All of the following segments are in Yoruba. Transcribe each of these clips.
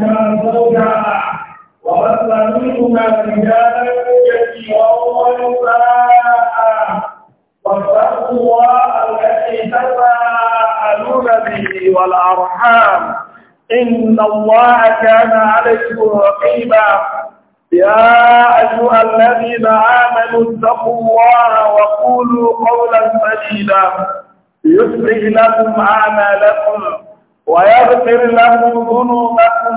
منها زوجها وبث منهما رجالا كثيرا ونساء واتقوا الله الذي تساءلون به والارحام ان الله كان عليكم رقيبا يا ايها الذين امنوا اتقوا الله وقولوا قولا سديدا يصلح لكم اعمالكم ويغفر لهم ذنوبكم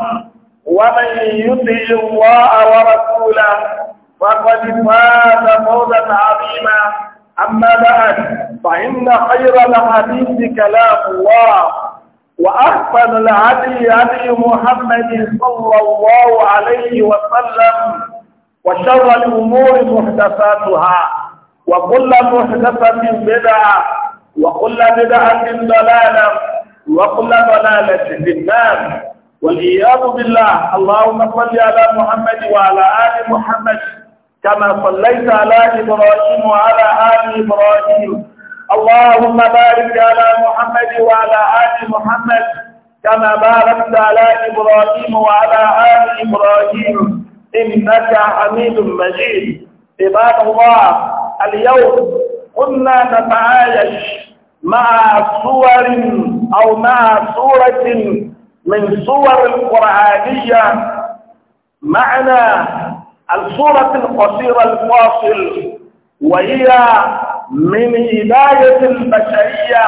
ومن يطع الله ورسوله فقد فاز فوزا عظيما أما بعد فإن خير الحديث كلام الله وأحسن الهدي هدي محمد صلى الله عليه وسلم وشر الأمور محدثاتها وكل محدثة بدعة وكل بدعة ضلالة وقل ضلالة في النار والعياذ بالله اللهم صل على محمد وعلى آل محمد كما صليت على إبراهيم وعلى آل إبراهيم اللهم بارك على محمد وعلى آل محمد كما باركت على إبراهيم وعلى آل إبراهيم إنك حميد مجيد عباد الله اليوم كنا نتعايش مع صور أو مع صورة من صور القرآنية معنى الصورة القصيرة الفاصل وهي من هداية البشرية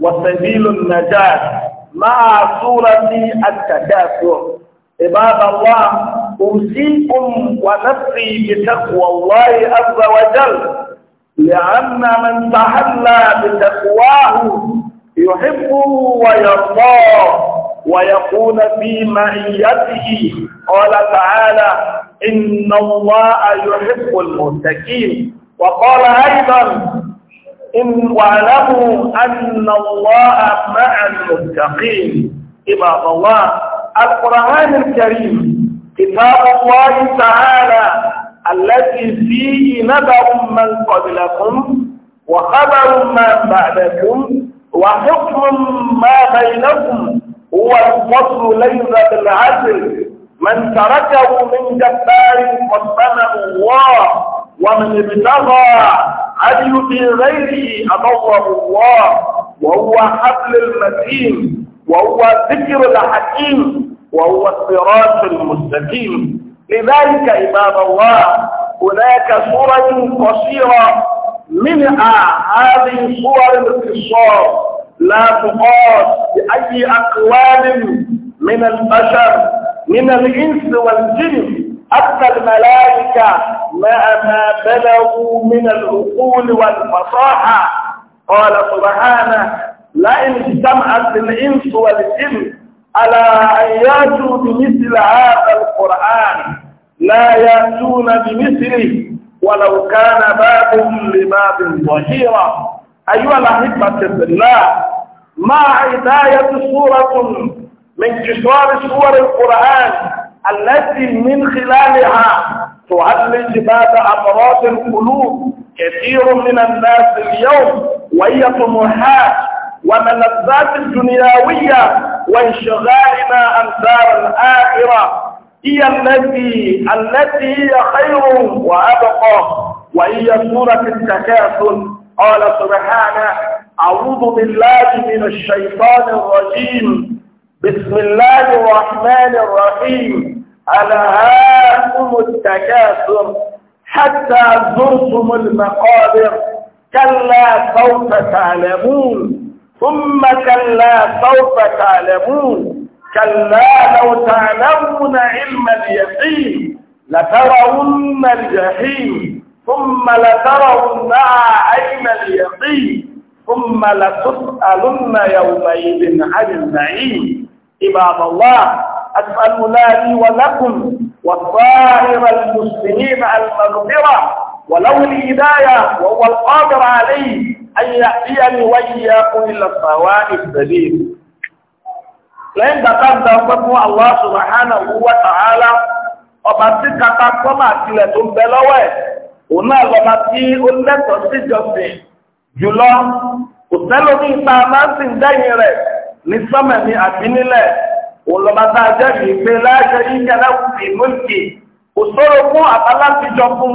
وسبيل النجاة مع صورة التكاثر عباد الله أوصيكم ونفسي بتقوى الله عز وجل لأن من تحلى بتقواه يحبه ويرضاه ويكون في معيته قال تعالى إن الله يحب المتقين وقال أيضا إن واعلموا أن الله مع المتقين عباد الله القرآن الكريم كتاب الله تعالى التي فيه نبأ من قبلكم وخبر ما بعدكم وحكم ما بينكم هو الفصل ليس بالعدل من تركه من جبار قد الله ومن ابتغى عدل في غيره أضره الله وهو حبل المتين وهو ذكر الحكيم وهو الصراط المستقيم لذلك عباد الله هناك صورة قصيرة منها هذه صور الاقتصاد لا تقاس بأي أقوال من البشر من الإنس والجن حتى الملائكة مع ما بلغوا من العقول والفصاحة قال سبحانه لئن اجتمعت الإنس والجن على أن يأتوا بمثل هذا القرآن لا يأتون بمثله ولو كان بابهم لباب ظهيرا أيها الأحبة بالله الله ما هداية سورة من كسوار سور القرآن التي من خلالها تعلج بعد أمراض القلوب كثير من الناس اليوم وهي طموحات وملذات دنيوية وانشغالنا أمثال الآخرة هي التي التي هي خير وأبقى وهي سورة التكاثل قال سبحانه أعوذ بالله من الشيطان الرجيم بسم الله الرحمن الرحيم هاكم التكاثر حتى زرتم المقابر كلا سوف تعلمون ثم كلا سوف تعلمون كلا لو تعلمون علم اليقين لترون الجحيم ثم لترونها عين اليقين ثم لتسألن يومئذ عن النعيم عباد الله أسأل لي ولكم والصائر المسلمين المغفرة ولو الهداية وهو القادر عليه ayé àbíyáni wáyé ya kún ilẹ̀ sàwá ìtẹ̀lé lẹ́yìn gbàtà gbà pẹ́ fún Allah subhanahu wa ta'ala ọba tí kata kọ́mà tilẹ̀ tó ń bẹ lọ́wọ́ ẹ̀ òun náà lọ́ba tí ó lẹ́tọ̀ọ́ síjọsìn jùlọ òtẹ́lómi ìta máa ń sìn dẹ́yìn rẹ̀ ní sọ́mẹ̀mí àbí nílẹ̀ òun jẹ́ kìí pé láṣẹ yíyá láwùjọ ìmúlùkì fún àbáláṣíjọ fún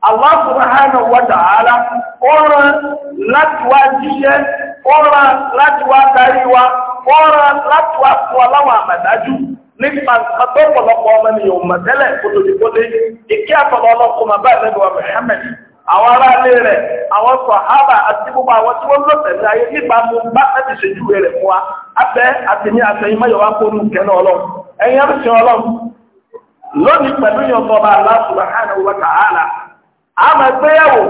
Allah subhanahu wa ta'ala ó rán láti wá jíṣẹ́, ó láti wá darí wa, ó láti wá fún wa àmàdájú nípa nǹkan tó pọ̀lọpọ̀ ọmọ ìkí àtọ̀lọ́ bá àwọn rẹ̀ àwọn àti gbogbo àwọn tí wọ́n ní ayé nípa mú bá rẹ̀ fún wa abẹ́ àtẹ̀yìn àtẹ̀yìn mẹ́yọ̀wá kónú kẹ́nà ọlọ́run ẹ̀yìn ọlọ́run lónìí pẹ̀lú a máa gbéyàwó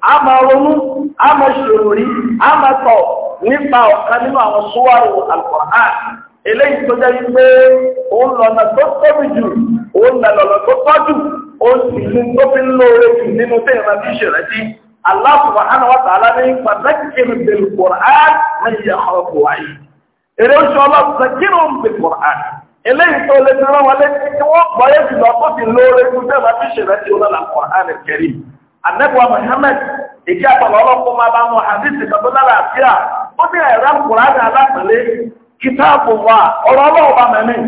a máa ronú a máa ṣèròrí a máa tọ̀ nípa ọ̀kan nínú àwọn súwárò Al-Qur'an eléyìí tó jẹ́ wípé òun lọ́nà tó tóbi jù òun lọ́nà tó tọ́jú òun sì ní tó fi ń lóore jù nínú tẹ́yìn máa fi ṣèrántí Allah subhanahu wa ta'ala ní fadhakkir bil-Qur'an man yakhaf wa'id èrè oṣù ọlọ́sàn kí ló ń pè Qur'an eléyìí tó lè fi rán wọn létí wọ́n gbọ́ yé jùlọ tó fi lóore jù tẹ́yìn máa fi ṣèrántí òun lọ́nà Qur'an al-Karim anẹ́kọ̀ọ́ Muhammad èyí àtọ̀lọ́ ọlọ́pọ̀ máa bá wọn àdìsí tọ́tọ́ lára àfíà ó ní ẹ̀rọ kùránì alápẹ̀lẹ́ kìtáàbù wa ọ̀rọ̀ ọlọ́ọ̀bá mẹ́rin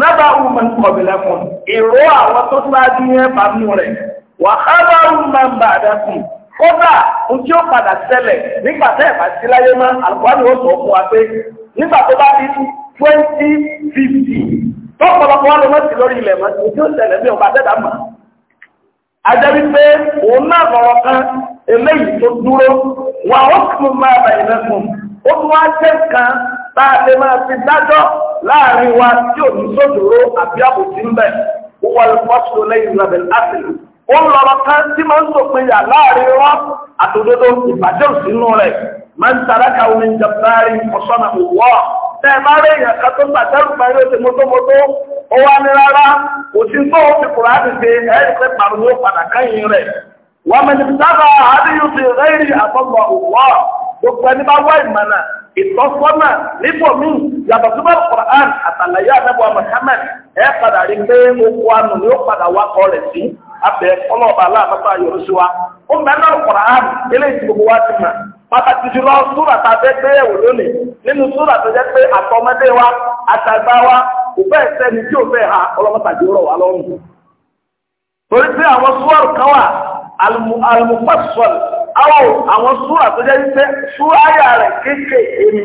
lábà ọmọ ìkọ̀bìlẹ̀ fún ìró àwọn tó sáájú yẹn bá mú rẹ̀ wà á bá ọmọ ìbà dẹ́kun kódà ojú ó padà ṣẹlẹ̀ nígbà tẹ́ ẹ̀ bá sí láyé mọ́ àlùkòránì ó sọ fún wa pé nígbà tó bá di twenty fifty tọ́pọ̀lọpọ̀ wọn lọ sí lórí ilẹ̀ mọ́ ojú ó ṣẹlẹ̀ bí ọba dẹ́dà mọ́ ajabi pé òun náà lọ́rọ̀ kan eléyìí tó dúró wà ó tún máa bàyìí lẹ́kùn ó tún wá jẹ́ kan tá a lè máa fi dájọ́ láàrin wa tí ò ní sódòró àbí àbòsí ń bẹ̀ ó wà lọ́sọ̀rọ̀ lẹ́yìn ìrọ̀bẹ̀ láti ó ń lọ́rọ̀ kan tí máa ń sòpinya láàrin wọn àtòdodo ìbàjẹ́ òsínú rẹ̀ máa ń talákà omi jàpárí ọ̀ṣọ́nà òwò tẹ́ ẹ bá rí èèyàn kan tó gbà tẹ́rù pa ilé oṣù mọ́tòmọ́tò ó wá ní rárá kò sí tó ó fi kùrá ti ṣe ẹ̀rí pé pàrọ̀ ló padà kẹ́yìn rẹ̀ wọ́n mẹ́ni sábà àdéhùn ti rẹ́rì àtọ́gbọ̀ òwò gbogbo ẹni bá wá ìmọ̀nà ìtọ́sọ́nà nípò mí yàtọ̀ Qur'an àtàlàyé àdàbọ̀ ẹ padà rí pé oko ni ó padà wá kọ́ pàtàkì jùlọ súrà tá a fẹ́ gbé ẹ̀wò lónìí nínú súrà tó jẹ́ pé àtọmọdé wa àtàgbà wa kò fẹ́ sẹ́ni tí ò fẹ́ ha ọlọ́mọtàdé rọ̀ wá lọ́rùn. torí pé àwọn súwárù kan wà almufassal àwọn àwọn súrà tó jẹ́ wípé sú àyà rẹ̀ kéékèèké ni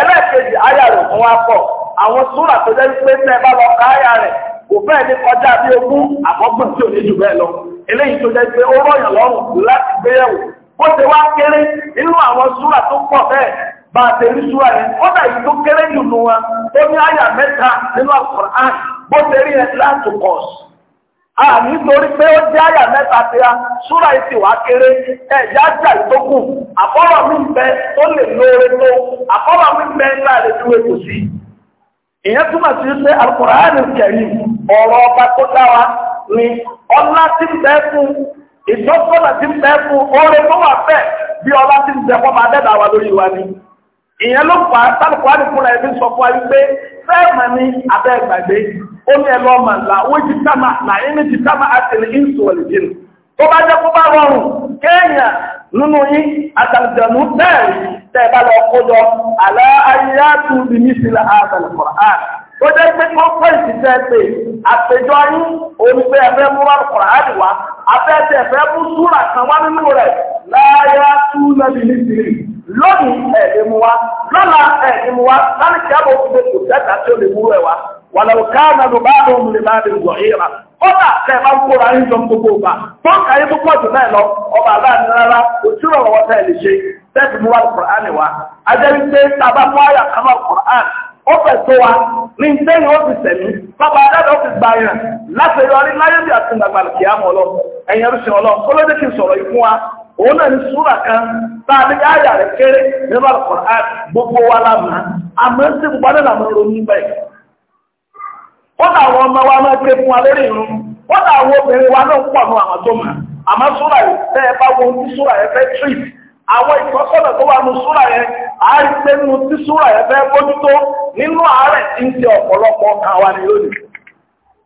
ẹlẹ́ẹ̀kejì àyà rẹ̀ fún wa pọ̀ àwọn súrà tó jẹ́ wípé tẹ́ ẹ bá lọ ka àyà rẹ̀ kò fẹ́ẹ̀ ní kọjá bí ogún àkọ́gbọ̀n tí ò ó ti wá kéré nínú àwọn súrà tó pọ̀ bẹ́ẹ̀ bá a ti rí ó dà tó kéré jù nù wa ó ní àyà mẹ́ta nínú al bó rí ẹ láti pọ̀ a nítorí pé ó jẹ́ àyà mẹ́ta ti a sura yìí ti wá kéré ẹ̀ yájà tó kù àkọ́lọ̀ mi ń bẹ tó lè lóore tó àkọ́lọ̀ mi ń bẹ ńlá rẹ̀ tó ètò sí. ìyẹn túmọ̀ sí pé ọ̀rọ̀ ọba tó ìjọ́sọ́nà tí ń bẹ́ fún oore tó wà fẹ́ bí ọlá tí ń bẹ fọ́ máa dẹ́dà wà lórí wa ni ìyẹn ló fà á sálùkù wá ní fúnra ẹbí sọ fún wa wípé fẹ́ẹ̀mà ní abẹ́ ìgbàgbé ó ní ẹlọ́ ọmọ ńlá ó ti sáma là ń ní ti sáma àti ní ìsù ọ̀lẹ́dìrì tó bá jẹ́ kó bá rọrùn kéèyàn nínú yín àtàlùjọ̀nù bẹ́ẹ̀ tẹ́ ẹ bá lọ kó jọ àlẹ́ ayé á tún bí mí sílẹ̀ àtàlùkọ̀rọ̀ tó jẹ́ pé kó pẹ́ ìsìnkẹ́ pé àpèjọ yín olùgbé ẹ̀fẹ́ mú wá kọ̀rọ̀ àdì wá afẹ́tẹ̀ ẹ̀fẹ́ mú súrà kan wá nínú rẹ̀ láyá tú lẹ́bi ní ìsìnkì lónìí ẹ̀ẹ́dẹ̀ agba wá lọ́la ẹ̀ẹ́dẹ̀ mú wá láti kí á fún mi kò sẹ́ta tí ó lè mú rẹ̀ wá wàlẹ̀ bá lè lè wọ̀ kódà kẹ́ máa ń kóra yín jọ gbogbo ọba yín púpọ̀ jù náà lọ ọba òtún ó fẹ́ tó wa ní sẹ́yìn ó ti sẹ̀mí bàbá adájọ́ ti gba yàn láti yọrí láyé bí àti ìgbàgbà kì á mọ̀ lọ ẹ̀yìn ẹrú sìn ọlọ́ sọ̀rọ̀ yìí fún wa òun náà ní súrà kan a ní àyà rẹ̀ kéré nínú àlùkò gbogbo wa lámà àmọ́ ń gbogbo adé làmọ́ ronú bẹ́ẹ̀. ó dà àwọn ọmọ wa máa ké fún wa lórí ìrun ó dà àwọn obìnrin wa náà pọ̀ àwọn ìtọ́sọ́nà tó wà ní súra yẹn àárí pé nù tí súra yẹn fẹ́ bójútó nínú ààrẹ tí ń ṣe ọ̀pọ̀lọpọ̀ kan wà ní lónìí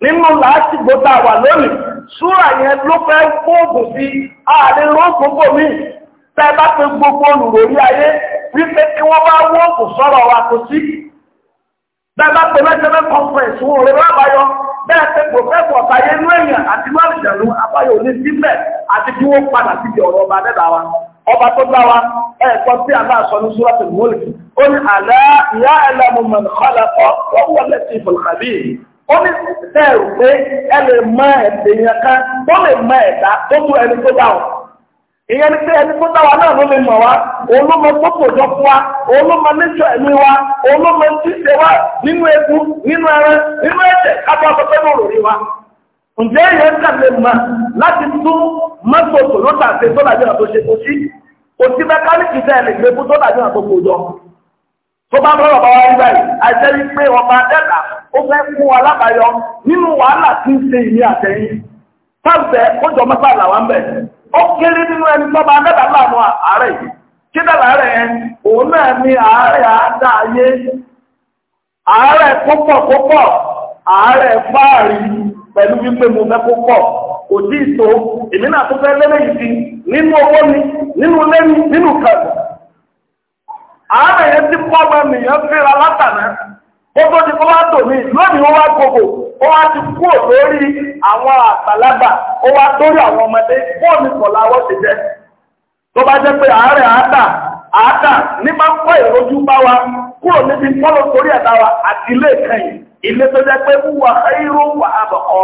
nínú làásìgbò tá a wà lónìí súra yẹn ló fẹ́ gbóògùn sí ààrẹ rógùn bá pe gbogbo olùròrí ayé wípé kí wọ́n bá wa kò sí bẹ́ẹ̀ bá pe conference wọn ò lè bẹ́ẹ̀ pé ọ̀tayé abáyọ̀ ní sílẹ̀ àti kí wọ́n padà ọ̀rọ̀ ọba ọba tó dá wa ẹ̀kọ́ tí a bá sọ ní súrọ́tì mọ́lìkì ó ní àlá ìyá ẹlẹ́mu mọ̀nìkọ́lá ọ̀pọ̀ wọlé ti fòlùkàbí ó ní sẹ́ẹ̀rù pé ẹ lè mọ ẹ̀dẹ̀ yẹn kan tó lè mọ ẹ̀dá tó mú ẹni tó dá wa ìyẹn ni pé ẹni tó dá wa náà ló lè mọ̀ wa òun ló mọ fún wa òun ló ẹ̀mí wa òun ló mọ ṣe wa nínú eku nínú ẹran nínú ẹ̀jẹ̀ ká ǹjẹ́ ìyẹn kàlẹ̀ mọ̀ láti tún tó àtò ṣe lè gbé fún tó àtò kò jọ ọba ó fẹ́ fún wa lábàáyọ nínú wàhálà tí ń ṣe ìní àtẹ̀yìn ó jọ làwọn bẹ̀ ó kéré nínú ẹni láàánú àárẹ̀ kí rẹ̀ òun náà ní àárẹ̀ àádá ayé àárẹ̀ púpọ̀ púpọ̀ àárẹ̀ fáàrí pẹ̀lú wípé mo fẹ́ kó pọ̀ kò tí ì tó èmi náà tó fẹ́ lẹ́lẹ́yìn sí nínú owó ni nínú lẹ́nu nínú kẹ̀kọ́. àárẹ̀ yẹn ti pọ́ ọmọ ènìyàn fẹ́ra látàná ó tó ti wá tò mí lónìí ó wá gbogbo ó wá ti lórí àwọn àgbàlagbà ó wá àwọn ọmọdé fóònù wọ́n ti jẹ́ tó wa kúrò níbi torí ẹ̀dá wa àti ilé ìkẹyìn ilé tó jẹ́ pé wà irú wà àbọ̀kọ́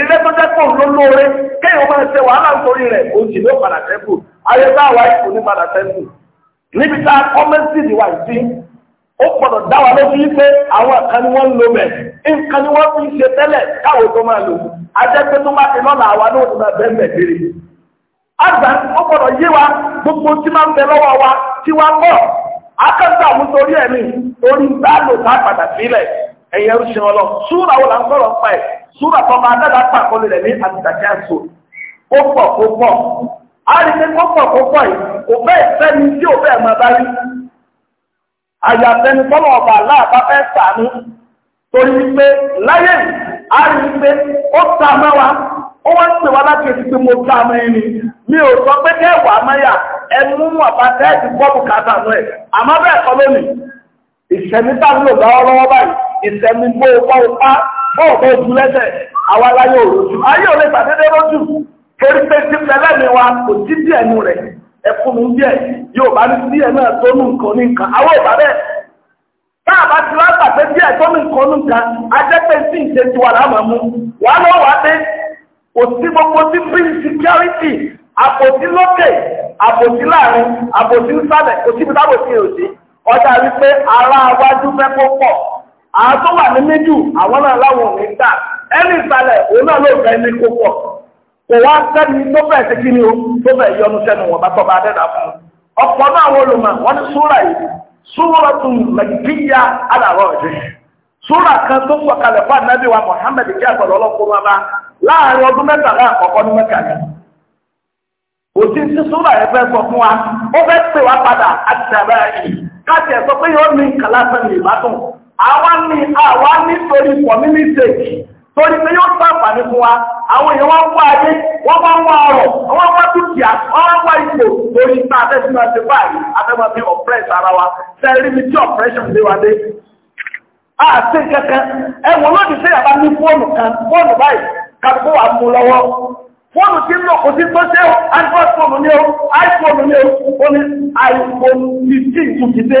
ilé tó jẹ́ pé olólóore kéèyàn máa ṣe wàhálà nítorí rẹ̀ òjì ló padà tẹ́kù ayé tá àwa ní padà tẹ́kù níbi tá a ìwà ìsí ó gbọ́dọ̀ dá wa lójú wípé àwọn kan ni wọ́n ń lo bẹ̀ nǹkan ni wọ́n fi ṣe tẹ́lẹ̀ káwọn tó máa lò ajẹ́ pé tó bá ti lọ́nà àwa wa gbogbo tí máa ń wa tí akẹ́kọ̀ọ́ ẹ̀mí lò tá a ẹ̀yẹ ń ṣe ọlọ́ ṣúra wo là pa ẹ̀ ṣúra tó máa dábàá pàkọ́lé rẹ̀ ní àtìdàkẹ́ àṣọ ó rí pé kó pọ̀ yìí kò bẹ́ẹ̀ sẹ́ni tí ò bẹ́ẹ̀ máa bá rí àyàfẹ́ni tọ́lọ̀ ọba aláàbá fẹ́ sàánú torí láyé rí ìsẹ̀mú gbó ọpá ọpá ọ̀pọ̀ ojú lẹ́sẹ̀ àwa láyé òrojú ayé òre tàdédé lójú torí pé tí pẹlẹ́ mi wa kò sí díẹ̀ nu rẹ̀ ẹkún mi díẹ̀ yóò bá ní díẹ̀ náà tó nù nǹkan ní nǹkan àwọn ò bá bẹ́ẹ̀ tá a bá ti wá pàṣẹ díẹ̀ tó nù nǹkan ní nǹkan ajẹ́pẹ́ sí ìṣe tiwa láàmú mú wàá lọ́wọ́ wá dé kò sí gbogbo sí bíi security àpòsí lókè àpòsí láàrin àpòsí nsàlẹ̀ kò síbi tábòsí òsì ọjà wípé ará wájú fẹ́ kó pọ̀ àwọn tó wà ní méjì àwọn náà náà ló ní kò wá sẹ́ni tó sí ni o tó fẹ́ yọnu sẹ́nu wọn bá tọ́ bá fún un ọ̀pọ̀ náà wọ́n lò mà wọ́n ní súrà yìí tún kan tó kalẹ̀ fún wa kí ọlọ́kùnrin wa bá ọdún mẹ́tàlá àkọ́kọ́ ní òtí yẹn fẹ́ sọ fún wa ó fẹ́ pè wá padà àwa ní àwa nítorí community torí pé yóò sàǹfààní fún wa àwọn èèyàn wọn wá ayé wọn wá wá ọrọ̀ wọn wá dúkìá wọn wá wá ipò torí pé abẹ́sí máa ṣe báyìí abẹ́mọ̀ bí oppress ara wa sẹ́rí mi tí oppression lé wa dé. àti kẹ̀kẹ́ ẹ̀wọ̀n lónìí ṣé yàrá ní fóònù kan fóònù báyìí kàdúgbò wà mú lọ́wọ́ fóònù tí ń lò kò sí tó ṣe ó android fóònù ni ó iphone ni ó ó ní iphone fifteen tún ti dé.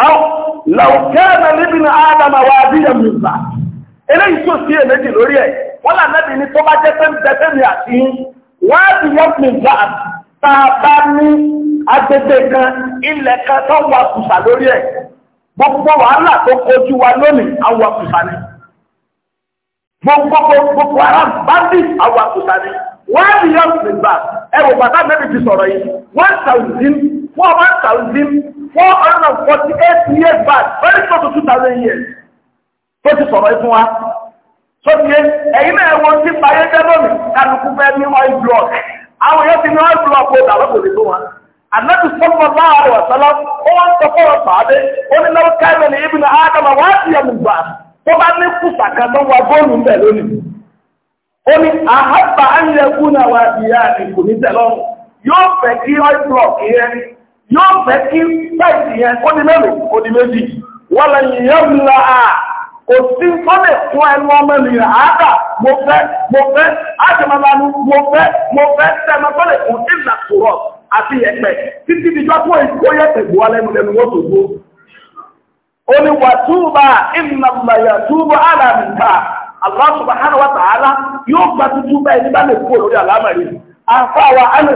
أو لو كان لابن آدم واديا من بعد eléyìí tó sí èméjì lórí ẹ̀ wọ́n là nẹ́bí ní tó bá jẹ́ pé ń bẹ́tẹ́ a bá kan ile kan tó wà kùsà lórí gbogbo wàhálà tó kojú wa lónìí àwa kùsà ni gbogbo gbogbo ara bandi kùsà ni bàtà ti sọ̀rọ̀ yìí one thousand one 148 years back very close to 2000 years tó ti sọ̀rọ̀ ìfún wa tó ti yé ẹ̀yìn náà wọ́n ti parí jẹ́lómi kálukú fẹ́ ní oil block àwọn èèyàn ti ní oil block ó lè tó wọn ó fọ́rọ̀ pàdé ó ní lọ́wọ́ ní ibi ní wá sí gbà tó bá ní kùsà kan tó wà ń bẹ̀ lónìí ó ní àhábà yóò fẹ́ kí pẹ́ẹ̀sì yẹn ó di mélòó ó di méjì wọ́n lè yẹn ń la à kò sí tó lè fún ẹnu ọmọ ènìyàn àádà mo fẹ́ mo fẹ́ mo fẹ́ mo fẹ́ tẹ́mọ́ tó lè fún ìlà kúrọ̀ àti ẹ̀pẹ̀ títí ìjọ tó yẹ̀pẹ̀ bu alẹ́nu lẹ́nu wọ́n tó gbó. ó ní wà túbà túbà yóò bẹ́ẹ̀ nígbà lè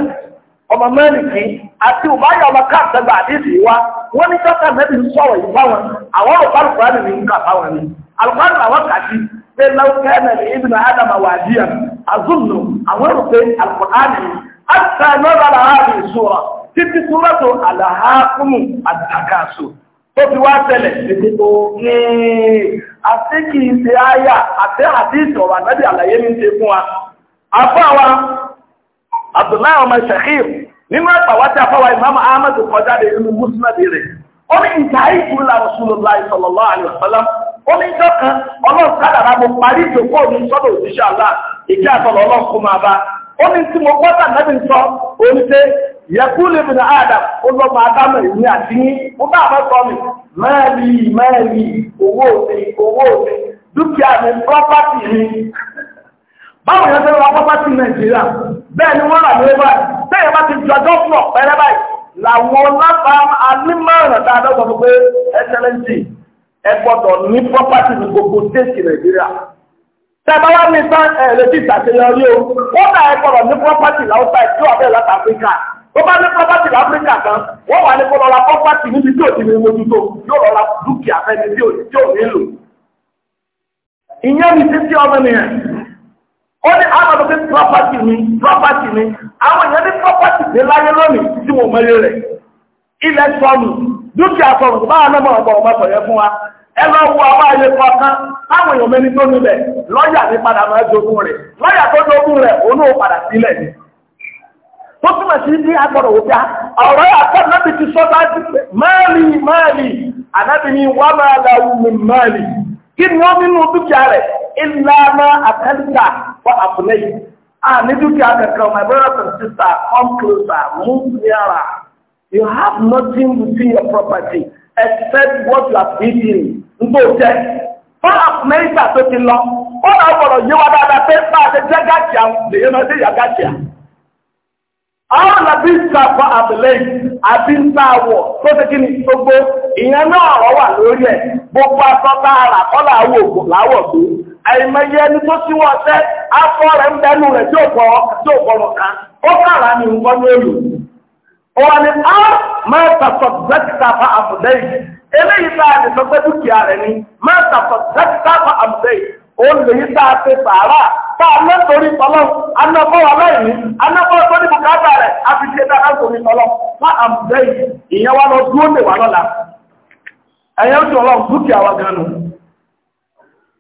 ọmọ mẹ́rìnkì àti ìbáyọ̀ ọmọ káàtẹ́gbà àdìsí wa wọ́n ní sọ́tà mẹ́bí ń sọ̀rọ̀ yìí báwọn àwọn olùkọ́ alùpùpù ní ń kà báwọn ni alùpùpù àwọn kàdí pé lọ́wọ́ kẹ́ẹ̀mẹ̀ ibùdó ádámà wà díẹ̀ àzúnnù àwọn olùkọ́ alùpùpù àti àìmọ́ra làárì ìṣúra títí súrọ́tò àlàákùnmù àdàkàṣù tó fi wá tẹ́lẹ̀ ìdìbò ní àti kì í ṣe áyà àti àti ìṣọ̀rọ̀ àgbẹ̀dẹ̀ àlàyé ní ṣe fún wa. àfọ́ àwa Abdullahi ọmọ Shakir nínú ẹgbà wá tí a ìmáàmù ahmed kọjá de inú mùsùlùmí rẹ̀ ó ní ìjà ìkúrú la rasulullah sallallahu alaihi wasallam ó ní ìjọ kan ọlọ́run kádàrá mo parí ìjòkó mi sọ́dọ̀ òṣìṣẹ́ àlá ìjà àtọ̀lọ́ ọlọ́run kó máa bá ó ní tí mo gbọ́dọ̀ nẹ́bí sọ òun yẹkú lèmi náà ó lọ máa àti yín bá sọ mi mẹ́ẹ̀lì mẹ́ẹ̀lì owó mi owó mi dúkìá mi báwọn èèyàn fẹ́ ra pápátì nàìjíríà bẹ́ẹ̀ ni wọ́n rà lórí báyìí bẹ́ẹ̀ bá ti jọ gọ́fúnọ̀ pẹ́rẹ́ báyìí làwọn lápá anímọ̀ràn dáadáa sọ pé ẹsẹ̀lẹ́ǹtì ẹ gbọ́dọ̀ ní pápátì ní gbogbo déètì nàìjíríà tẹ́bá wá ní sán ẹ̀rẹ́tì ìtàṣeyọrí o wọ́n náà ẹ gbọ́dọ̀ ní pápátì láwùsá ìtú àbẹ́ láti áfíríkà tó bá ní pápátì láfíríkà kan wọ́n wà ní kó lọ ra pápátì níbi tí ò ti ní mójútó yóò lọ dúkìá fẹ́ni tí ò nílò ìyẹn ní títí ọmọ nìyẹn ó ní àwọn pé property mi property mi àwọn èèyàn ní property mi láyé lónìí tí wọ́n mẹ́lẹ̀ rẹ̀ ilẹ̀ sọnù dúkìá sọnù tó báwọn náà ọ̀pọ̀ ọmọ sọ̀yẹ́ fún wa ẹ lọ wo àwọn àyè kọ̀ọ̀kan táwọn èèyàn mẹ́ni tó nílẹ̀ lọ́yà ní padà máa jogún rẹ̀ lọ́yà tó jogún rẹ̀ òun náà padà sílẹ̀ ni tó túmọ̀ sí ní agbọ̀dọ̀ ọ̀rọ̀ ti pé máàlì máàlì what happened? Ah, Nidukia can come, my brothers and sisters, come closer, move nearer. You have nothing within your property except what you have eaten. Ngbọ̀jẹ́. Fọ́nà mẹ́ta tó ti lọ. Fọ́nà ọ̀pọ̀lọ̀ yé wa dáadáa pé bá a ṣe jẹ́ gàkíà náà ṣe yà gàkíà. Àwọn làbí ìsàkọ àbẹ̀lẹ̀ àbí ìsàwọ̀ tó ṣe kí ni gbogbo ìyẹn náà ọ̀rọ̀ wà lórí ẹ̀. àìmọye ẹni tó síwọ́ ọ̀tẹ́ afọ́ rẹ̀ ń bẹnu rẹ̀ tí ò gbọ́rọ̀ ó kàrà ní nǹkan ní èlò ó wà ní máa tàfọ̀ eléyìí tá a lè sọ pé dúkìá rẹ̀ ni máa tàfọ̀ dẹ́kítà fa àbùdẹ́ yìí ó lè yí tá a ṣe sàárà tá a lọ sórí tọ́lọ́ anáfọ́ aláìní anáfọ́ tó ní bùkátà rẹ̀ a fi ṣe dáná sórí tọ́lọ́ fa àbùdẹ́ ìyẹn wà lọ dúró lè wà lọ́la ẹ̀yẹ́ ń sọ̀rọ̀ dúkìá wa gan-an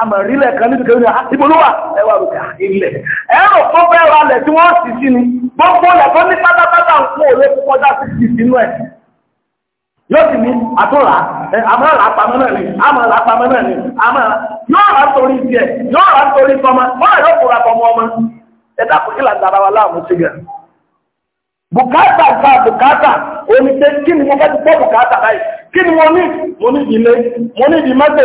amọ̀rílẹ̀ kan níbi kẹrin ìbolówà ẹwà rúkà ilẹ̀ ẹ̀rọ tó fẹ́ ra lẹ̀ tí wọ́n sì sí ni gbogbo lẹ̀kọ́ ní pátápátá ń kó olè kọjá sí sínú ẹ̀ yóò sì ní àpamọ́ náà ni àmọ́ra àpamọ́ náà ni àmọ́ra yóò rà nítorí yóò rà nítorí wọ́n yóò tọmọ ọmọ kí làǹdà gẹ̀. bùkátà bùkátà omi kí ni mo ti bùkátà báyìí kí ni mo ní mo ní ìdílé mo ní ìdí mọ́tò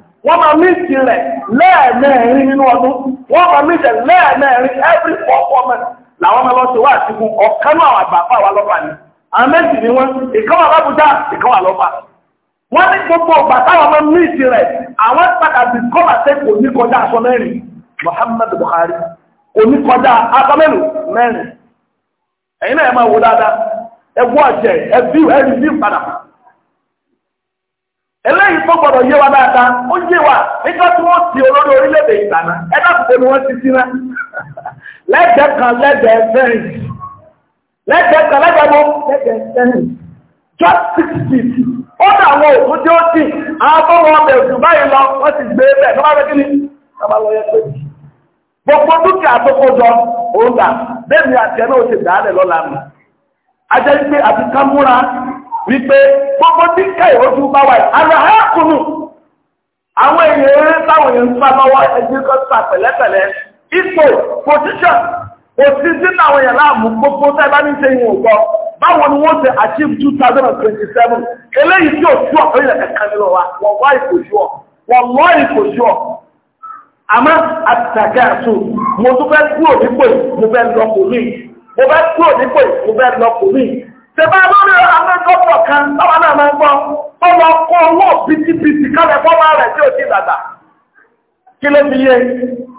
wọ́n máa méjì rẹ̀ lẹ́ẹ̀mẹ́rin nínú ọdún wọ́n máa méjì lẹ́ẹ̀mẹ́rin every four four months làwọn máa lọ sí wá àtìkù ọ̀kan náà àgbàfà wà lọ́pàá ni àwọn méjì ni wọ́n ìkan wà lábújá ìkan wà lọ́pàá wọ́n ní gbogbo ọgbà táwọn máa àwọn Muhammadu Buhari kò ní kọjá aṣọ mẹ́rin mẹ́rin ẹ̀yin náà ẹ máa wò dáadáa eléyìí tó gbọdọ̀ yé wa dáadáa ó yé wa nígbà tí wọ́n ti olórí orílẹ̀-èdè ìlànà ẹ̀dá kòkó ni wọ́n ti sí náà lẹ́gbẹ̀ẹ́ kan lẹ́gbẹ̀ẹ́ fẹ́rìn lẹ́gbẹ̀ẹ́ kan lẹ́gbẹ̀ẹ́ mọ́ lẹ́gbẹ̀ẹ́ fẹ́rìn just ó ní àwọn òkú tí ó tì àwọn wọn bẹ̀rù jù báyìí lọ wọ́n ti gbé bẹ́ẹ̀ tó bá fẹ́ kí ni lọ yẹ pé gbogbo dúkìá wípé gbogbo tí kẹ́yìn ojú bá wà aláhà kùnú àwọn èèyàn eré táwọn èèyàn ń fa lọ́wọ́ ẹgbẹ́ kan pẹ̀lẹ́pẹ̀lẹ́ ipò position òsì sínú àwọn èèyàn láàmú gbogbo tẹ́ bá ní ṣe ìwọ̀n kọ́ báwo ni wọ́n ṣe achieve two thousand and twenty seven eléyìí tí ò tú ọ̀pẹ́ ilẹ̀ kankan nínú wa wọ́n wá ìkòjú ọ̀ wọ́n lọ́ ìkòjú ọ̀ àmọ́ àtàgà àtò mo tún fẹ́ kúrò nípò mo fẹ́ lọ kò mí mo fẹ́ kúrò nípò mo fẹ́ lọ kò mí Tẹ̀bá lórí amẹ́gbọ́pọ̀ kan láwọn náà máa ń gbọ́, lọ kọ́ owó bìtìbìtì kálẹ̀ fọ́mà rẹ̀ tí ó ti dàgbà. Kí ló fi yé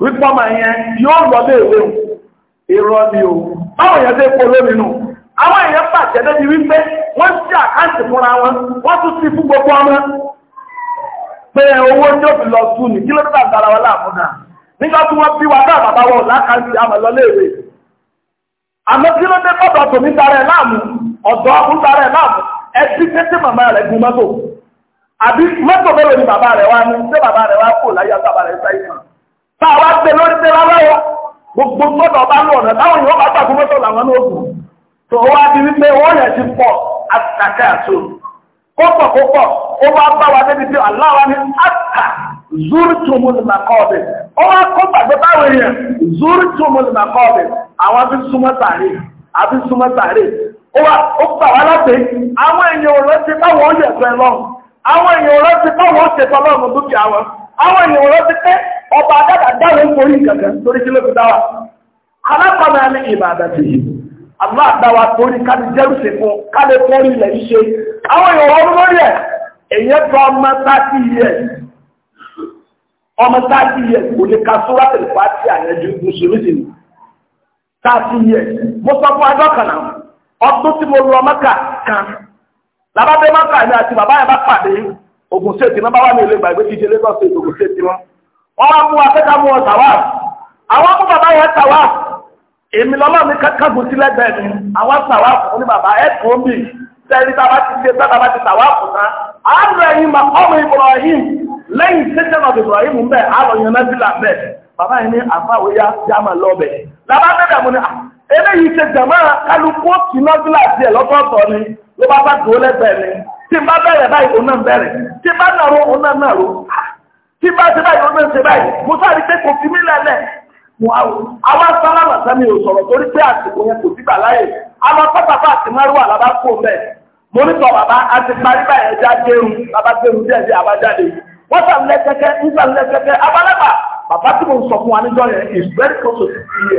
wípọ́mà yẹn yóò lọ lé ìwé ìrọ́ ni o. polo nínú? Àwọn èèyàn wípé wọ́n àkáǹtì gbogbo ọmọ. Pé owó tí ó fi lọ sùn ní kí ló dé àgbàrá wọn Nígbà tí wọ́n bí ọ̀dọ́ ọ̀tàrẹ̀ náà ẹbí tẹ́tẹ́ màmá rẹ̀ gun mọ́tò àbí mọ́tò ni bàbá rẹ̀ wá ní ṣé bàbá rẹ̀ wá kò láyé àtàbà rẹ̀ sáyé mọ́ a wá gbé lórí lọ́wọ́ gbogbo mọ́tò ọba táwọn bá mọ́tò làwọn náà gùn tó wá di wípé yẹ ti pọ̀ àtàkẹ́ àtò kópọ̀ kópọ̀ ó wá bá wa débi aláwa àtà ó wá kó gbàgbé ó gbà wá láti àwọn èèyàn rántí táwọn ó yẹ̀fẹ́ àwọn èèyàn dúkìá wọn àwọn èèyàn pé ọba dáwọn torí kí ló fi alákọ̀ọ́mọ́ ìbàdàn àbúrò àdáwà torí jẹ́rùsì fún fún ilẹ̀ yìí ṣe àwọn èèyàn ọdún lórí ẹ̀ tó ọmọ sáàtì yẹ ọmọ sáàtì yẹ kò ka tẹlifà tí mùsùlùmí sáàtì ọdún tí mo lọ mọ́kà kan lábábẹ́ mọ́kà ni àti bàbá yẹn bá pàdé Ògùn ṣètì náà bá wà ní ilé gbàgbé kí jẹlé lọ́sẹ̀ Ògùn ṣètì wọn. wọ́n wá mú afẹ́ká mú wọn tàwa àwọn mú bàbá yẹn tàwa èmi lọ́lọ́ mi kákàgùn sí lẹ́gbẹ̀ẹ́ mi àwọn tàwa fún ní bàbá ẹ̀ tó ń bì sẹ́ni tá a bá ti ṣe tá a bá ti tàwa fún ná. àánú ẹ̀yin mà ọmọ Ibrahim lẹ́yìn sẹ́sẹ̀n Ibrahim ń bẹ̀ yẹn náà sí làbẹ̀ bàbá yẹn ní àfáwọ́yá jámà lọ́bẹ̀ làbá bẹ̀rẹ̀ mu ní ah, eléyìí ṣe jàmá kálukú òkì nọ́gílà tiẹ̀ lọ́tọ̀ọ̀tọ̀ ni ló bá bá dùn ó lẹ́bẹ̀ẹ́ ni tí n bá bẹ̀rẹ̀ báyìí òun náà bẹ̀rẹ̀ tí n bá nàró òun náà nàró tí n bá ṣe báyìí òun náà ṣe báyìí mo sáré pé kò fi mí lẹ́lẹ̀ àwa sálámà sami ò sọ̀rọ̀ torí pé àsìkò yẹn kò sígbà láyè àwọn pátápá àti márùwà làbá kó mẹ́ mo ní sọ bàbá a parí báyìí ẹja gbẹrun bàbá gbẹrun is very close to two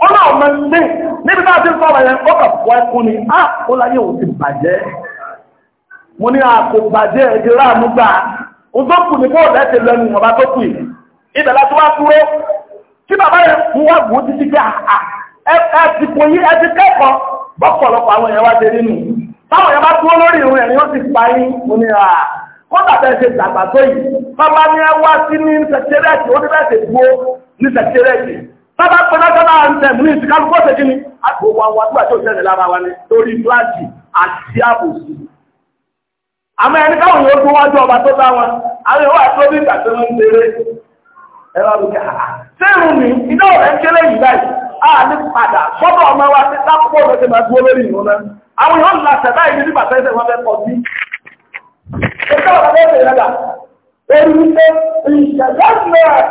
ó náà mọ ní níbi náà ti sọ̀rọ̀ yẹn ó kà fọ́ ẹkún ni á ah, ó láyé òun ti bàjẹ́ mo ní àkó ah, bàjẹ́ ẹ̀jẹ̀ ráàmú gbà òzókù ní bóòlù ẹ̀ ti lẹ́nu ìwọ̀nba tó kù yìí ibẹ̀ láti wá dúró tí bàbá yẹn fún wá gbòó títí bí àà ah, ẹ ti kò yí ẹ ti kẹ́kọ̀ọ́ bọ́pọ̀lọpọ̀ àwọn èèyàn wá dé nínú táwọn èèyàn bá dúró lórí ìrún ẹ̀rín ó ti pa yín mo ní àà kọ́ńtà bẹ́ẹ̀ ṣe dàgbà tó yìí bàbá ni ẹ wá sí ní sẹ̀kẹ́rẹ́ẹ̀tì ó ní bẹ́ẹ̀ ṣe dúró ní sẹ̀kẹ́rẹ́ẹ̀tì bábá pẹ́ national anthem ní ìsìnkálukú ọ̀sẹ̀ kí ni àgbòwò àwọn àdúrà tó lára wa ni torí fúláàjì àti àbòsí. àmọ́ ẹni káwọn yóò wájú ọba tó bá wọn àwọn yóò tó bí ìgbà tó ń tẹ̀lé ah, ah, ṣé irun iná ọ̀rẹ́ ń kéré yìí báyìí a ní padà gbọ́dọ̀ ọmọ wa ti dákúkọ́ ọ̀rẹ́ máa dúró lórí ìrún náà àwọn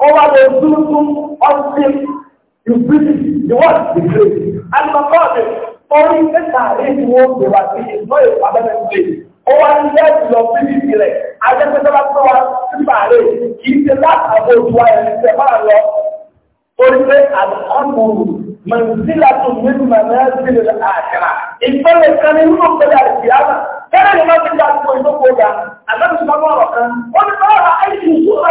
over the Zulu until you breathe the word the grace. And because orí mẹ́ta rẹ̀ ni wọ́n gbé wá sí ìlú ìpàdánù ìgbé. Ó wá ní lẹ́ẹ̀tì lọ sí ibi rẹ̀. Ajẹ́pẹ́tẹ́lá tó wá síbà rẹ̀ kì í ṣe látàbọ̀ ojú wa ẹni tẹ̀ máa lọ. Orí pé àlùkọ́nù mọ̀nsílá tó nínú màmá sílẹ̀ àkàrà. Ìfẹ́lẹ̀ kan ní inú òkèlè àìsíyámà. Bẹ́ẹ̀ ni wọ́n ti dá àgbo ìdókòó ga. Àgbẹ̀bùsùn máa ń wọ̀rọ̀ kan. Ó ní báwa àìsí ìṣúná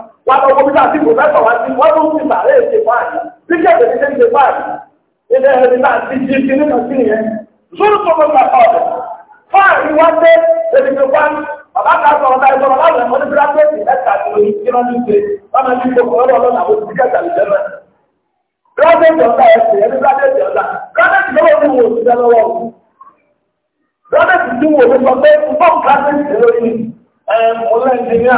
wà lọ wọ́n bíbá sí pòfẹ́sọ̀ wá sí wọ́n tó ń fi sàárè ṣe fáàlì tí kí ẹ̀sẹ̀ ṣe ń ṣe fáàlì ilé ẹni náà ti jí kí nínú sí yẹn zúrù tó ló gbà ọ̀dọ̀ fáàlì wá dé ebi tó wá bàbá kan sọ̀rọ̀ náà ìṣọ̀rọ̀ láwọn ẹ̀mọ́ ní gíráfẹ́sì ẹ̀ka tó ń kí wọ́n ní ṣe wọ́n máa ń fi kókó lọ́wọ́ lọ́nà àwọn òbí kẹta lè jẹ́mẹ́ gíráfẹ́sì ọ̀la ẹ̀sìn ẹni gíráfẹ́sì ọ̀la gíráfẹ́sì lọ́wọ́ ní wo òṣìṣẹ́ lọ́wọ́ gíráfẹ́sì tí wo ló sọ pé fọ́ọ̀mù gíráfẹ́sì lórí ẹ̀ mọ́lẹ́ ẹ̀ńjìníà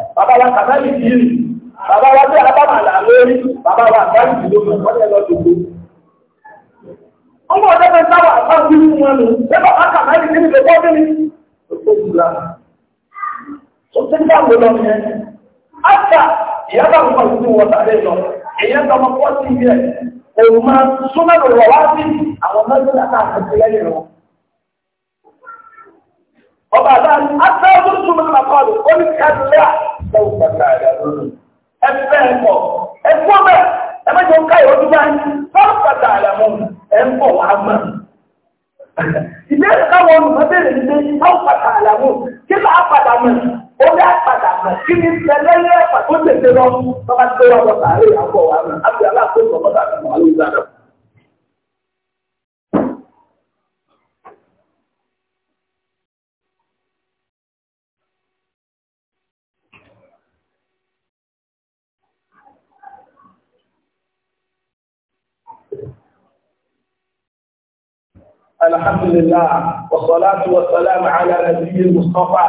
bàbá wa kàtàlì yìí bàbá wa tí abámàlà lórí bàbá wa àgbáyé ìlú mọ̀ wọ́n lè lọ dòdò. ọmọ ọ̀dọ́ fẹ́ sáwà àbájú nínú wọn nù bẹ́ẹ̀ bàbá kàtàlì yìí lè bọ́ bẹ́ẹ̀ ni ó gbúra. ó ti ń bá wọ lọ yẹn. àtà ìyá bá wọn kọ́ wọn sáré lọ èyí ń tọmọ pọ́ sí ibi ẹ̀ òun máa súnmọ́ lọ́wọ́ wá sí àwọn mẹ́tò ọba àdáni afẹ́rẹ́ tó túnmọ̀ àkọlù ó ní kẹlẹ́ lọ́wọ́ pàtà àdàlónú. Ẹgbẹ́ ẹ̀kọ́, ẹ̀kọ́ bẹ́ẹ̀, ẹ̀mẹ́jọ ń káyọ̀ ọdún báyìí, lọ́wọ́ pàtà àdàlónú, ẹ̀ ń bọ̀ wá mọ́. Ìbéèrè káwọn olùmọ̀bẹ̀rẹ̀ ní lọ́wọ́ pàtà àdàlónú, kí ló àpàdà mọ̀? Ó ní àpàdà mọ̀, kí ni tẹ̀lẹ́lẹ́ pàtó tètè lọ, tọ́ الحمد لله والصلاة والسلام على نبي المصطفى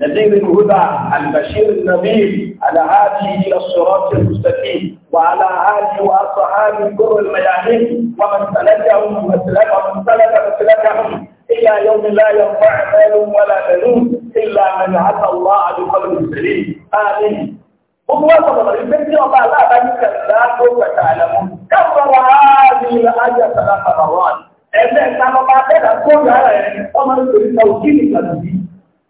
نذير الهدى البشير النبيل على هذه الصراط المستقيم وعلى آله وأصحابه كر الميامين ومن سلكهم مسلكهم سلك مسلكهم إلى يوم لا ينفع مال ولا بنون إلا من عصى الله بقلب سليم آمين gbogbo wa sọ̀rọ̀ lórí méjì ọba aláàbá ní kẹ̀kẹ́ tó pẹ̀ka àlẹ́mú káfọ́ wa ní ayé àtàlà fàbàwọ́n ẹ̀mẹ́ ìtànọba abẹ́dà tó yára ẹ̀ ọmọ nítorí náà kí ni kàdùbí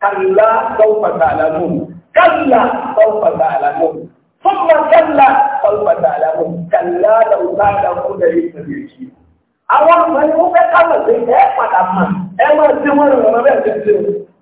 kàlá tó pẹ̀ka àlẹ́mú kàlá tó pẹ̀ka àlẹ́mú fúnma kàlá tó pẹ̀ka àlẹ́mú kàlá lọ́wọ́ sáà kó àwọn ọmọ yìí wọ́n fẹ́ káwọn ṣe ẹ̀ padà mọ̀ ẹ̀ máa ṣe wọ́n rẹ̀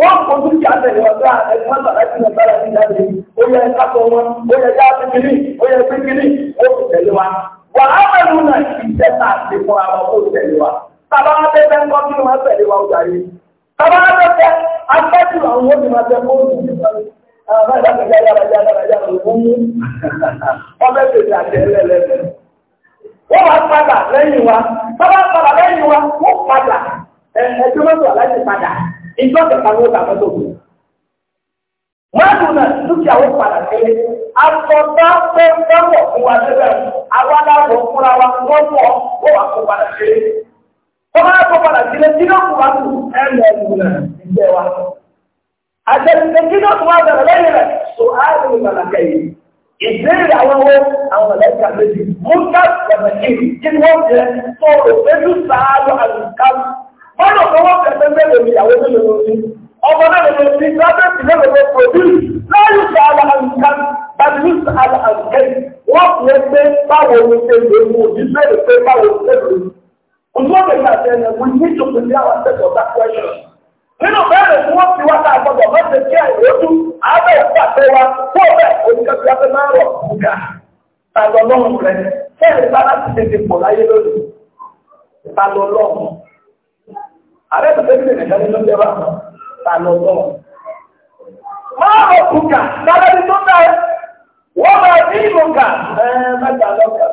wọ́n kò tún kí àtẹ̀lé ọ̀dọ́ àtẹ̀lẹ́mọ́ tàbí ọ̀gbára ní ìdájọ́ yìí ó yẹ kápọ̀ wọn ó yẹ yá pínpínlẹ̀ ó yẹ pínpínlẹ̀ ó kò tẹ̀lé wa. wà á mẹ́nu náà ìṣẹ́ ta àti fún ara ó tẹ̀lé wa. bàbá wa bẹ fẹ́ kọ́ kí wọ́n tẹ̀lé wa ọjà yìí. bàbá wa bẹ fẹ́ agbẹ́jù àwọn òbí máa bẹ fún òbí nípa mi. àwọn ọmọ ìdàgbàjà yára ìjọ kẹta ló ta mọ́tò mi. mọ́tò náà dúkìá ó padà délé asọ̀tà tó dábọ̀ fún wa lẹ́bẹ̀ àwa láàbọ̀ fúnra wa wọ́n mọ̀ ó wà kó padà délé. tó bá kó padà délé tí náà kó ẹ̀ lọ ìlú náà ìgbẹ́ wa. àjẹsílẹ̀ tí náà kó bẹ̀rẹ̀ lẹ́yìn rẹ̀ sọ ààrùn ìgbàlàkẹ́ yìí. Ìbéèrè àwọn owó àwọn ọ̀lẹ́gbà méjì, mú ká kí ni wọ́n tó Bọ́lá ọ̀pọ̀wọ́ pẹ̀lú mẹ́lẹ̀ mi àwọn mẹ́lẹ̀ ló ti. Ọmọ náà lè fi gbábẹ́sì mẹ́lẹ̀ ló produce láyé ṣe aláǹkan tàbí ṣe aláǹkan. Wọ́n fi ẹ pé báwo ni ṣe lè mú òjíṣẹ́ rẹ̀ pé báwo ni ṣe lè mú. Òṣùwọ́n bẹ̀rẹ̀ àti ẹ̀nà we need to prepare for that question. Nínú bẹ́ẹ̀rẹ̀ tí wọ́n fi wá tá a gbọ́dọ̀ má ṣe kí àìrójú àbẹ̀ pàṣẹ wa kó bẹ́ẹ̀ oníkẹ́kẹ́ afẹ́ máa rọ̀ kúgà. Tàlọ́ lọ́rùn rẹ̀ fẹ́ẹ̀rẹ̀ bá tètè pọ̀ láyé lónìí. Tàlọ́ ààrẹ tó fẹ́ bílẹ̀ nìkan nínú ìjọba ta lọ sọ. máa lọ kùkà lára ẹni tó dá wọ́n máa ní ìmọ̀kà mẹ́ta lọ́kà.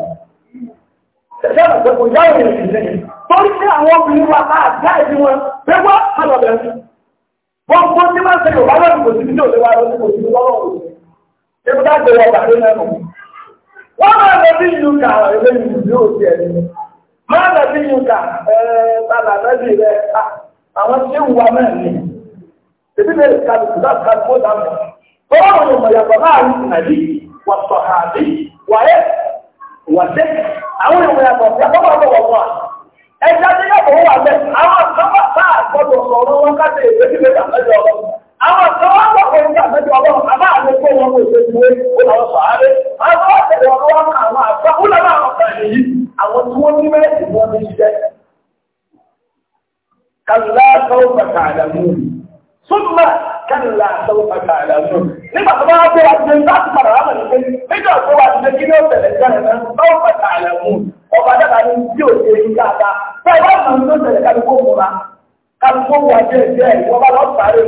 ṣẹ̀ṣẹ̀ àgbà kò yá òun ìrìn torí pé àwọn obìnrin wa máa dá ìdí wọn pé wọ́n á lọ bẹ̀rẹ̀ wọ́n kó tí máa ń ṣe Yorùbá lọ́dún kò sí ní òde lọ́dún kò sí lọ́wọ́ òde. ṣé kó dá gbé wọn gbàgbé náà wọ́n máa lọ bí ìlú kà ẹ̀rẹ́ ìlú yóò ti ẹ̀ máa nàbí yùkà ẹ̀ẹ́dàlà nàbí rẹ̀ àwọn tí ń wà náà ní ebi lè kàlù kùdà kàlù kó dàmú tó àwọn ọmọ yàtọ̀ láàrin nàbí wà sọ̀hàbí wà ẹ̀ wà dé àwọn ọmọ yàtọ̀ yàtọ̀ wà lọ́wọ́ wọn ẹ̀jẹ̀ wà bẹ́ẹ̀ àwọn bá àgbọ̀dọ̀ sọ̀rọ̀ wọn ká àwọn àtọwọ́ àpapọ̀ ní àgbẹ̀jọ ọlọ́run àbá àlejò wọn kò ṣe ìwé ó làwọn sàárè àwọn àtẹ̀lẹ̀ ọ̀rọ̀ wọn kà wọn àgbà ó làwọn àwọn kan èyí àwọn tí wọ́n ní mẹ́rin wọn ní ṣiṣẹ́. kàlá sọ́wọ́ pàtà àdàmú súnmọ́ kàlá sọ́wọ́ pàtà àdàmú. nígbà tó bá wá pé wàá ti láti padà wá mẹ́rin pé nígbà tó wàá ti lè kí ní ó tẹ̀lé sọ́wọ́ pàtà àdàmú ọ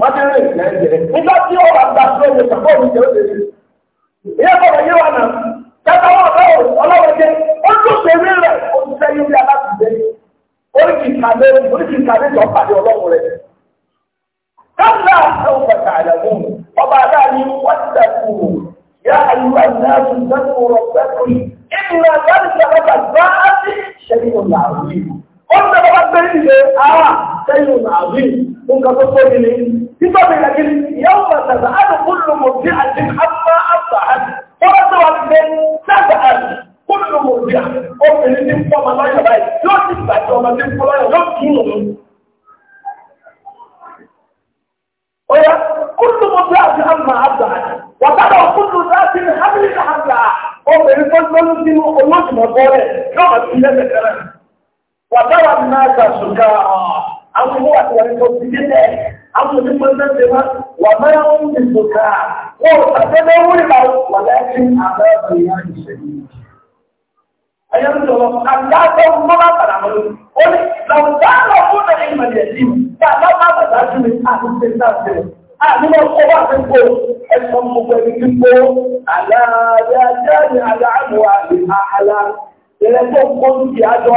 májèrè ìjẹ́jẹ́ nígbà tí ó wà gbà tó ẹ̀jẹ̀ sọ̀kọ́ mi jẹ́ òṣèré ìyá kọ̀ọ̀rọ̀ yé wa nà kẹta wọn àbẹ́wò ọlọ́wọ́ jẹ́ ó tún ṣeré rẹ̀ ó ti sẹ́yìn bí aláṣìṣẹ́ oríṣi ìkàlẹ́ oríṣi ìkàlẹ́ jọ pàdé ọlọ́run rẹ̀ káńtà àwọn bàtà àdàmú ọba adáàní wàtìdàkù yá àyùwà náà tún dẹ́kun rọ̀ pẹ́kùn ìdùnnà láti sọ̀rọ̀ bàtà á sí ṣẹ́yìn ọ̀làwìn ó ń tẹ́lẹ̀ bá gbé nílé ara sẹ́yìn àbí nǹkan tó tóbi ni títọ́ mi lẹ́kí yóò mọ̀ tàbí àdùkúlù mọ̀ a àti àmà àbà àti wọ́n tó wà gbé sábà àti kúlù mọ̀ sí à obìnrin ní fọ́mà lọ́yọ̀ báyìí yóò ti gbàjọ́ ọmọ tí fọ́ lọ́yọ̀ yóò tún nù. Oya kúlù mọ̀ a àti àmà àbà àti wàtàdà kúlù láti ní hábìlì àbà obìnrin tó lóyún sínú olóòtú mọ̀ bọ́ọ̀rẹ̀ yóò wàtàwà náà sàṣùkà àwọn ìwọ àti wàlẹ̀ tó ti dé wá ti sùkà wọ́n wúrí àbẹ́rẹ́ ìyá ìṣẹ̀lẹ̀. mọ́lá padà ó ní lọ fún ìmọ̀lẹ̀ àti ṣe kó ẹ̀sọ́ gbogbo ẹni tí kó àlè àhàlà ìrẹ́pọ̀ kó àjọ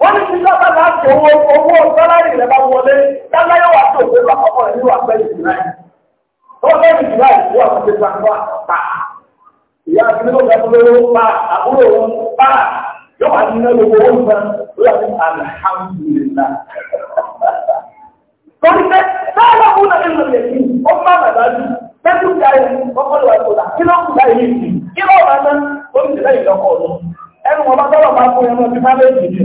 wọ́n ní sísá bàbá àti owó owó sálárì rẹ̀ bá wọlé sálá yóò wá sí òkú ìlú àkọ́kọ́ rẹ̀ nínú àpẹ́ ìjìnlẹ̀ wọ́n bẹ́ẹ̀ ìjìnlẹ̀ ìwọ àti ìjìnlẹ̀ pa ìyá àti nínú ìjọba ló pa àbúrò òun pa yóò wá ní ẹgbẹ́ owó nǹkan lórí àti alhamdulillah. torí pé sáyà fún nàbí ìlú yẹn ní ó má bàbá jù pẹ́ẹ́tù káyé ọkọ̀ lọ́wọ́ ìkọ̀dà kí ló kù láyé yìí kí ló bá ná ó ti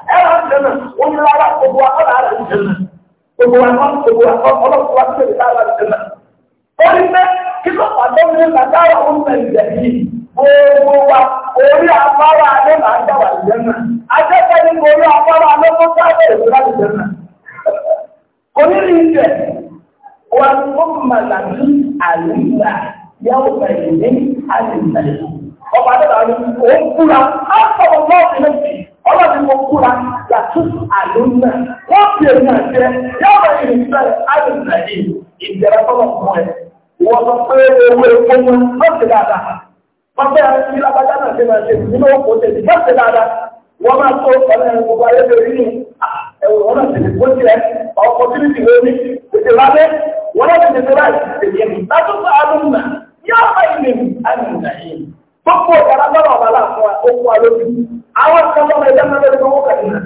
àjẹ́nà ó ní rárá gbogbo akọ́lá rẹ̀ àjẹ́nà gbogbo akọ́ gbogbo akọ́ ọlọ́pọ̀ wa tẹ̀lé rárá àjẹ́nà. ó ní pé kí ló pàdé ní kàdáwà ó ń bẹ ìjẹ yìí gbogbo wa orí afárá alẹ́ là ń dáwà àjẹ́nà ajẹ́fẹ́ ní orí afárá alẹ́ tó sáré ìlú àjẹ́nà. onírí ìjẹ wọn ó màlàbí àlùmà yàwó bẹ̀rẹ̀ ní àlùmà ọba àdàlà ni òun kúra á sọ̀rọ̀ mọ́ ọ̀sẹ̀ méjì ọlọ́run mo kúra yàtú àlùmọ wọn fi èmi àjẹ yóò bẹ ìrìnsẹ àlùmọ yìí ìjẹrẹ fọlọ fún ẹ wọn sọ pé owó epo wọn lọsẹ dáadáa wọn bẹ àti lábájá náà ṣe máa ṣe nínú òkú tèmi lọsẹ dáadáa wọn máa tó ọ̀nà gbogbo ayé bẹ rí ẹwùrọ̀ wọn náà tèmi kó tiẹ̀ ọkọ̀ tí nìyí ló ní tètè lábẹ́ wọn náà tètè tó láì tètè yẹn látó fún àlùmọ yóò bẹ ìrìnsẹ àlùmọ yìí gbogbo ìyàrá lọ́rọ̀ ọ̀bàlà fún wa ó àwọn ìṣọ́jọ́ ọmọ ìjọba lórí owó kàdínà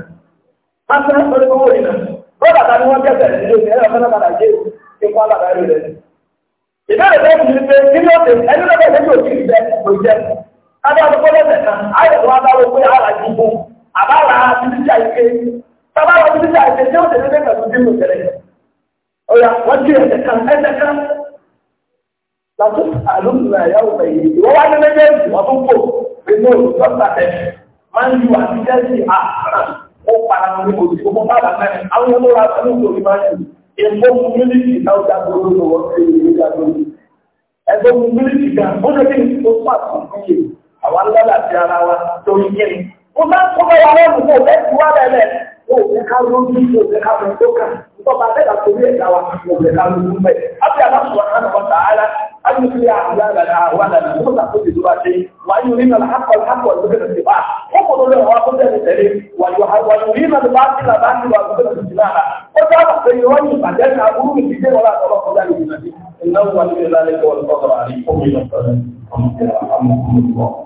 máa ń tẹ́lẹ̀ lórí owó ìrìnà bọ́dà ta ni wọ́n jẹ́sẹ̀ nílé ìrìn ẹ̀rọ fẹ́lẹ́ padà jẹ́ ikú alága rí rẹ̀. ìbéèrè bẹ́ẹ̀ pé kí ló dé ẹni lọ́dọ̀ ẹ̀jẹ̀ bá wọ pé ara fún àbára bíbíjà ike bíbíjà ike tí ó tẹ̀lé tó dínú tẹ̀lé. ọ̀yà wọ́n ti kan kan làtúntà máa ń lu àti jẹ́sì àkàrà ó para wọn ní oṣù tó fún bàbá náà àwọn ọmọ wa sọ ní ìtòrí máa ń lu èpo fún mílíkì náà já gbogbo ló wọ́n ṣe ìwé já gbogbo ẹgbẹ́ fún mílíkì gan ó lè ní ìtò pàtó níye àwọn alálàáfíà ara wa torí kíni. mo máa ń kọ́ ó fẹ́ ká lójú ó fẹ́ ká mọ̀ tó kà nítorí abẹ́rẹ́ àtòrí ẹ̀dá wa ó fẹ́ ká lójú mẹ́. Àbí aláṣọ àná ọ̀tá ara ayélujára àwùjá àgbàdà àwọn àgbàdà tó kà tó dìdúrà ṣe wáyé orí náà lápá lápá ọ̀dọ́gbẹ́ tó ti bá. Ó kò lórí ọ̀rọ̀ tó tẹ̀lé tẹ̀lé wáyé orí náà bá ti là bá ti wà ọ̀dọ́gbẹ́ tó ti lára. Ó dá wà pé ìwọ́n ní ìbàjẹ́ ká burú mi ti dé wọn láti ọlọ́kọ̀ dá lórí náà. Ìnáwó wa ní ìlànà ìkọ̀ọ̀lù